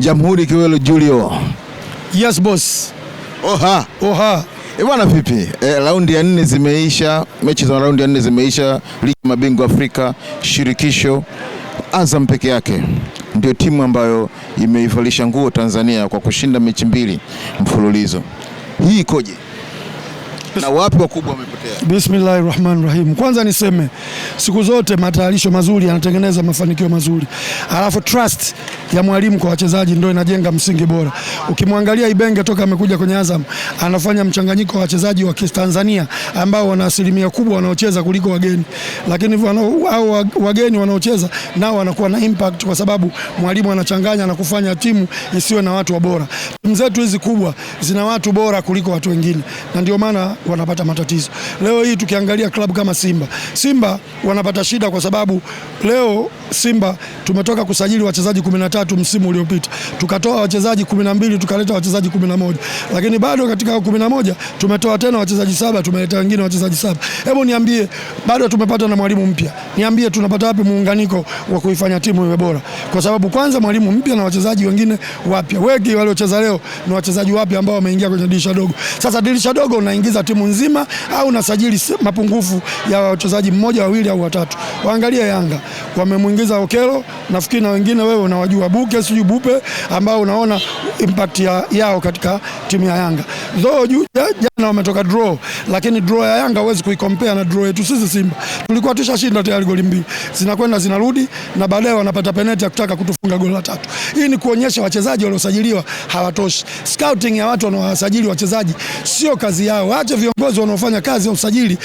Jamhuri Kiwelo Julio. Yes boss. Oha. Oha. E bwana vipi? E, raundi ya nne zimeisha, mechi za raundi ya nne zimeisha, ligi ya mabingwa Afrika shirikisho. Azam peke yake ndio timu ambayo imeivalisha nguo Tanzania kwa kushinda mechi mbili mfululizo. Hii ikoje? na wapi wakubwa wamepotea? Bismillahir Rahim. Kwanza niseme siku zote matayarisho mazuri yanatengeneza mafanikio mazuri, alafu trust ya mwalimu kwa wachezaji ndio inajenga msingi bora. Ukimwangalia Ibenge toka amekuja kwenye Azam anafanya mchanganyiko wa wachezaji wa Kitanzania ambao wana asilimia kubwa wanaocheza kuliko wageni, lakini au wageni wanaocheza nao wanakuwa na impact kwa sababu mwalimu anachanganya na kufanya timu isiwe na watu wa bora. Timu zetu hizi kubwa zina watu bora kuliko watu wengine, na ndio maana wanapata matatizo. Leo hii tukiangalia klabu kama Simba, Simba wanapata shida kwa sababu leo Simba tumetoka kusajili wachezaji 13 msimu uliopita, tukatoa wachezaji 12 tukaleta wachezaji 11, lakini bado katika 11 tumetoa tena wachezaji saba, tumeleta wengine wachezaji saba. Hebu niambie, bado tumepata na mwalimu mpya, niambie tunapata wapi muunganiko wa kuifanya timu iwe bora? Kwa sababu kwanza mwalimu mpya na wachezaji wengine wapya, wengi waliocheza leo ni wachezaji wapya ambao wameingia kwenye dirisha dogo. Sasa dirisha dogo unaingiza timu nzima au nasajili mapungufu ya wachezaji mmoja wawili au watatu. Waangalie Yanga wamemwingiza Okelo, nafikiri na wengine wewe unawajua Buke sijui Bupe ambao unaona impact ya, yao katika timu ya Yanga. Though, na wametoka draw, lakini draw ya Yanga huwezi kuikompea na draw yetu sisi Simba. Tulikuwa tushashinda tayari goli mbili zinakwenda zinarudi, na baadaye wanapata penalti ya kutaka kutufunga goli la tatu. Hii ni kuonyesha wachezaji waliosajiliwa hawatoshi. Scouting ya watu wanaowasajili wachezaji sio kazi yao, waache viongozi wanaofanya kazi ya usajili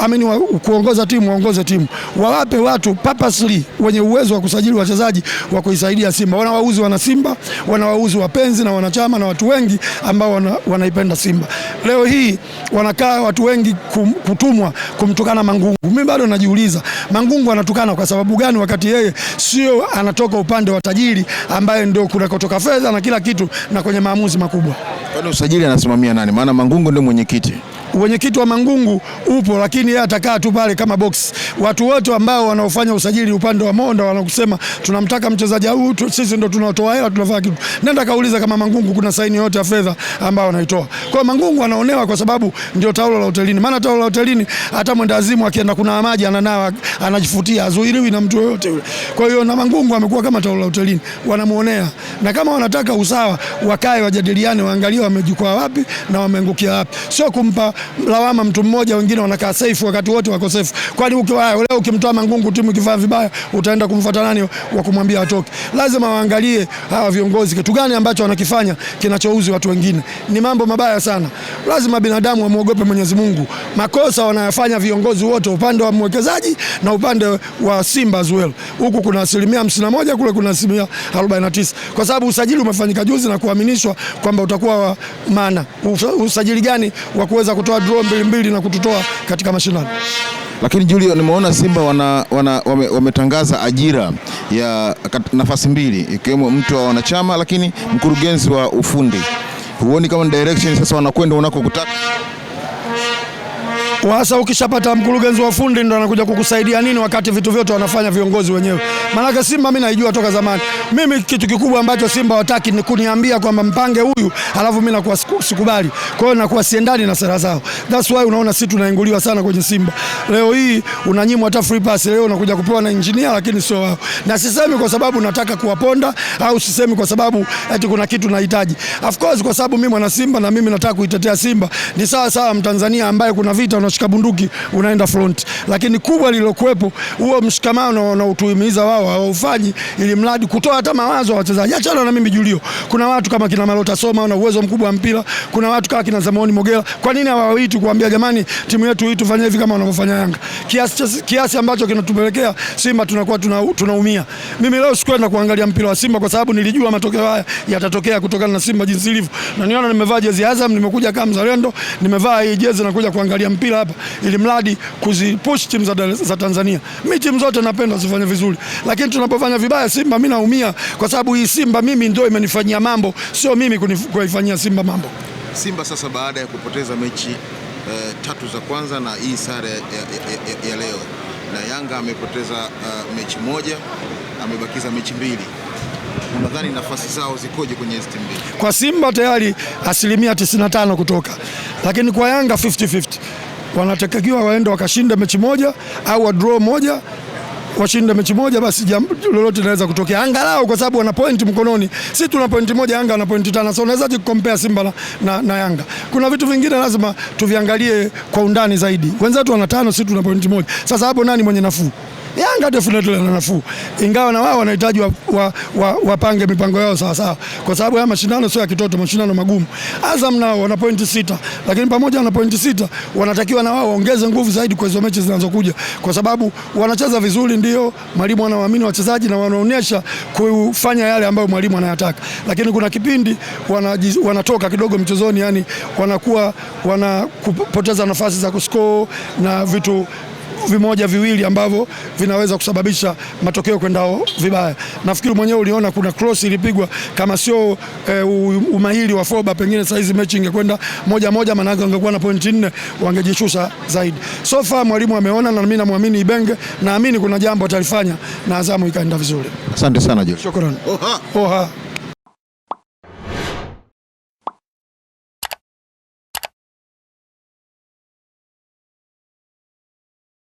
amini kuongoza timu waongoze timu, wawape watu purposely wenye uwezo wa kusajili wachezaji wa kuisaidia Simba. Wana wauzi wana Simba, wana wauzi wapenzi na wanachama na watu wengi ambao wanaipenda wana Simba leo hii hii wanakaa watu wengi kum, kutumwa kumtukana Mangungu. Mimi bado najiuliza Mangungu anatukana kwa sababu gani, wakati yeye sio anatoka upande wa tajiri ambaye ndio kunakotoka fedha na kila kitu na kwenye maamuzi makubwa. Kwani usajili anasimamia nani? Maana Mangungu ndio mwenyekiti. Wenyekiti wa Mangungu upo, lakini yeye atakaa tu pale kama box. Watu wote ambao wanaofanya usajili upande wa Monda wanakusema tunamtaka mchezaji huu, tu, sisi ndo tunatoa hela, tunafanya kitu. Nenda kauliza kama Mangungu kuna saini yote ya fedha ambayo anaitoa. Kwa Mangungu anaonewa kwa sababu ndio taulo la hotelini, maana taulo la hotelini hata mwenda azimu akienda kuna maji ananawa, anajifutia, azuiliwi na mtu yoyote yule. Kwa hiyo na Mangungu amekuwa kama taulo la hotelini, wanamuonea na kama wanataka usawa, wakae wajadiliane, waangalie wamejikwaa wapi na wameangukia wapi, sio kumpa lawama mtu mmoja, wengine wanakaa safe wakati wote wako safe. Kwani ukiwa leo ukimtoa Mangungu timu ikifanya vibaya, utaenda kumfuata nani wa kumwambia atoke? Lazima waangalie hawa viongozi kitu gani ambacho wanakifanya kinachouzi watu wengine. Ni mambo mabaya sana, lazima binadamu wamwogope Mwenyezi Mungu. Makosa wanayofanya viongozi wote, upande wa mwekezaji na upande wa Simba as well. Huku kuna asilimia moja kule kuna asilimia 49, kwa sababu usajili umefanyika juzi na kuaminishwa kwamba utakuwa maana usajili gani wa kuweza kutoa kutoa draw mbili mbili na kututoa katika mashindano. Lakini Julio, nimeona Simba wana, wana, wame, wametangaza ajira ya nafasi mbili ikiwemo mtu wa wanachama, lakini mkurugenzi wa ufundi. Huoni kama direction sasa wanakwenda unakokutaka? Sasa ukishapata mkurugenzi wa fundi ndo anakuja kukusaidia nini, wakati vitu vyote wanafanya viongozi wenyewe? Maanake Simba mi naijua toka zamani. Mimi kitu kikubwa ambacho Simba wataki ni kuniambia kwamba mpange huyu, alafu mi nakuwa sikubali. Kwa hiyo nakuwa siendani na sera zao, that's why unaona si tunainguliwa sana kwenye Simba. Leo hii unanyimwa hata free pass, leo unakuja kupewa na engineer, lakini sio wao. Na sisemi kwa sababu nataka kuwaponda au sisemi kwa sababu eti kuna kitu nahitaji, of course, kwa sababu mimi mwana Simba na mimi nataka kuitetea Simba. Ni sawa sawa Mtanzania ambaye kuna vita una unashika bunduki unaenda front, lakini kubwa lililokuwepo huo mshikamano na utuhimiza wao hawaufanyi, ili mradi kutoa hata mawazo ya wachezaji. Achana na mimi Julio, kuna watu kama kina Malota Soma na uwezo mkubwa wa mpira, kuna watu kama kina Zamoni Mogela. Kwa nini hawawaiti kuambia jamani, timu yetu hii tufanye hivi kama wanavyofanya Yanga, kiasi kiasi ambacho kinatupelekea Simba tunakuwa tunaumia. Mimi leo sikwenda kuangalia mpira wa Simba kwa sababu nilijua matokeo haya yatatokea kutokana na Simba jinsi ilivyo, na niona nimevaa jezi Azam, nimekuja kama mzalendo, nimevaa hii jezi na kuja kuangalia mpira mpira hapa, ili mradi kuzipush timu za, za Tanzania. Mimi timu zote napenda zifanye vizuri, lakini tunapofanya vibaya Simba mimi naumia, kwa sababu hii Simba mimi ndio imenifanyia mambo, sio mimi kuifanyia Simba mambo. Simba sasa baada ya kupoteza mechi uh, tatu za kwanza na hii sare ya, ya, ya, ya leo na Yanga amepoteza uh, mechi moja amebakiza mechi mbili Unadhani nafasi zao zikoje kwenye hizi timu mbili? Kwa Simba tayari asilimia 95 kutoka, lakini kwa Yanga 50-50 wanatakiwa waende wakashinda mechi moja au wa draw moja washinde mechi moja basi jambo lolote linaweza kutokea, angalau kwa sababu wana point mkononi. si tuna point moja, Yanga ana point tano. So unawezaje kukompea Simba na, na, na Yanga? Kuna vitu vingine lazima tuviangalie kwa undani zaidi. Wenzetu wana tano, si tuna point moja. Sasa hapo nani mwenye nafuu? Yanga definitely na nafuu, ingawa na wao wanahitaji wapange wa, wa mipango yao sawasawa, kwa sababu haya mashindano sio ya kitoto, mashindano magumu. Azam nao wana pointi sita, lakini pamoja na pointi sita wanatakiwa na wao waongeze nguvu zaidi kwa hizo mechi zinazokuja, kwa sababu wanacheza vizuri, ndio mwalimu anawaamini wachezaji na wanaonyesha kufanya yale ambayo mwalimu anayataka, lakini kuna kipindi wanatoka kidogo mchezoni, yani wanakuwa wanapoteza nafasi za kuskoo na vitu vimoja viwili ambavyo vinaweza kusababisha matokeo kwendao vibaya. Nafikiri mwenyewe uliona kuna cross ilipigwa, kama sio e, umahiri wa Foba, pengine hizi mechi ingekwenda moja moja, maana wangekuwa na pointi nne, wangejishusha zaidi. So far mwalimu ameona, na mimi namwamini Ibenge, naamini kuna jambo atalifanya na Azamu ikaenda vizuri. Asante sana Joel, shukrani. Oha. Oha.